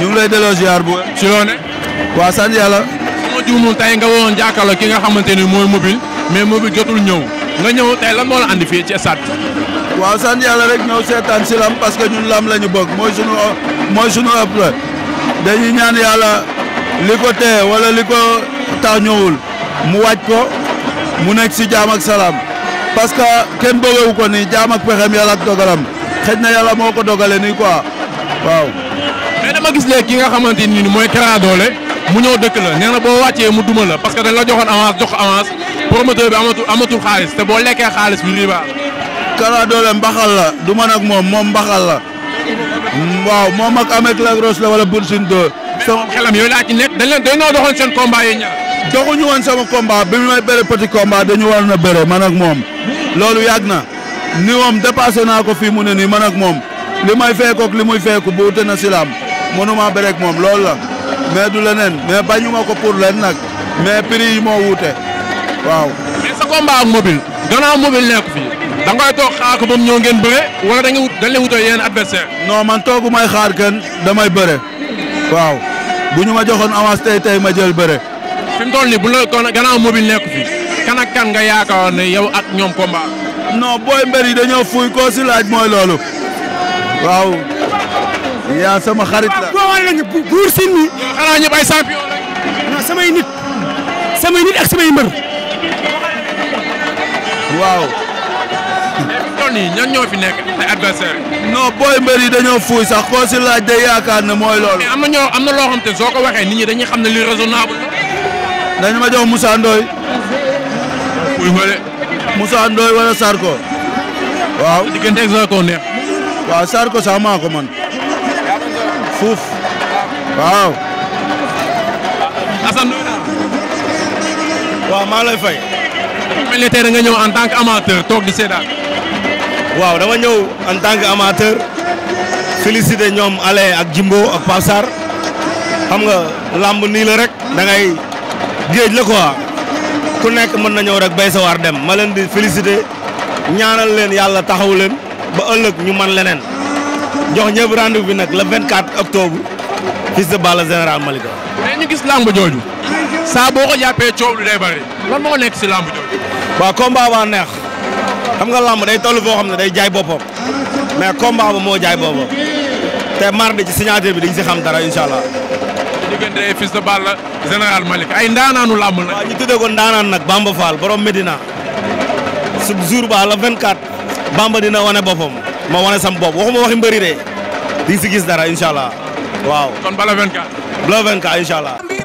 ñu ngi lay delloo ziar bu ci loone waa sant yàlla sama juumul nga woon jàkkaarloo ki nga xamante ni mooy mobile mais mobile jotul ñëw nga ñëw tey lan moo la andi fii ci stade waaw sant yàlla rek ñëw seetaan si lam parce que ñun lam la ñu bëgg mooy sunu mooy sunu ëpp dañuy ñaan yàlla li ko tee wala li ko tax ñëwul mu wàcc ko mu nekk si jaam ak salaam parce que kenn bëggewu ko ni jaam ak pexem yàlla ak dogalam xëj na yàlla moo ko dogale nii quoi waaw mais dama gis léegi ki nga xamante ni mooy Kara Dollé mu ñëw dëkk la nee na boo wàccee mu duma la parce que dañ la joxoon avance jox avance promoteur bi amatul amatul xaalis te boo lekkee xaalis bi riba. Kara Dollé mbaxal la du man ak moom moom mbaxal la. waaw moom ak Ameth Lagros la wala Boursine Dóor. sama xelam yooyu laa ci nekk dañ leen doxoon seen combat yi ñaar. doxuñu woon sama combat bi may bëre petit combat dañu war na bëre man ak moom loolu yàgg na n moom dépassé naa ko fii mu ne nii man ak moom li may fekkook li muy mënuma bëre ak moom loolu la mais du leneen mais bañuma ko pour leen nag mais prix yi moo wuute waaw. mais sa combat ak mobile gannaaw mobile nekk da ngay toog xaar ko ba mu ñëw ngeen bëre wala da ngeen dañ leen wutoo yeneen adversaire non man toogu may xaar kenn damay bëre waaw bu ñu ma joxoon avance tey tey ma jël bëre. fi mu toll nii bu la gannaaw mobile nekk fii kan ak kan nga ne yow ak ñoom combat. non booy mbër yi dañoo fuy koo si laaj mooy loolu waaw. yaa sama xarit la waaw lañu buur siin mi. xanaa ñëpp ay champion lañu. non samay nit. samay nit ak samay mbër. waaw. mais ñoo fi nekk ay adversaire non booy mbër yi dañoo fuuy sax koo si yaakaar ne mooy loolu. mais am na ñoo am na loo xam te soo ko waxee ni ñi dañuy xam ne li raisonnable na dañ ma jox Moussa Ndoye. fuuy ko de. Moussa Ndoye Sarko. waaw diggante ak Sarko neex. fuuf waaw. Assane nuyu waaw maa lay fay. mel ni nga ñëw en tant que amateur toog di seetaan. waaw dama ñëw en tant que amateur félicité ñoom Ale ak Jimbo ak Pape xam nga làmb nii la rek dangay ngay géej la quoi ku nekk mën na ñëw rek bay sa war dem ma leen di félicité ñaanal leen yàlla taxaw leen ba ëllëg ñu man leneen. jox ñëpp rendez bi nag le 24 octobre fils de Balla général Malika. mais ñu gis lamb jooju. saa boo ko jàppee coow lu day bari. lan moo nekk si lamb jooju. waaw combat ba neex xam nga lamb day toll foo xam ne day jaay boppam mais combat ba moo jaay boppam te mardi ci signature bi dañ si xam dara incha allah. diggante fils de Balla général Malika ay ndaanaanu lamb la. waaw ñu tuddee ko ndaanaan nag Bamba Fall borom Medina su baa ba le 24 Bamba dina wane boppam. ma wane sam bopp waxuma waxi mbëri de di si gis dara incha allah waaw. kon bala 24. bala 24 incha allah.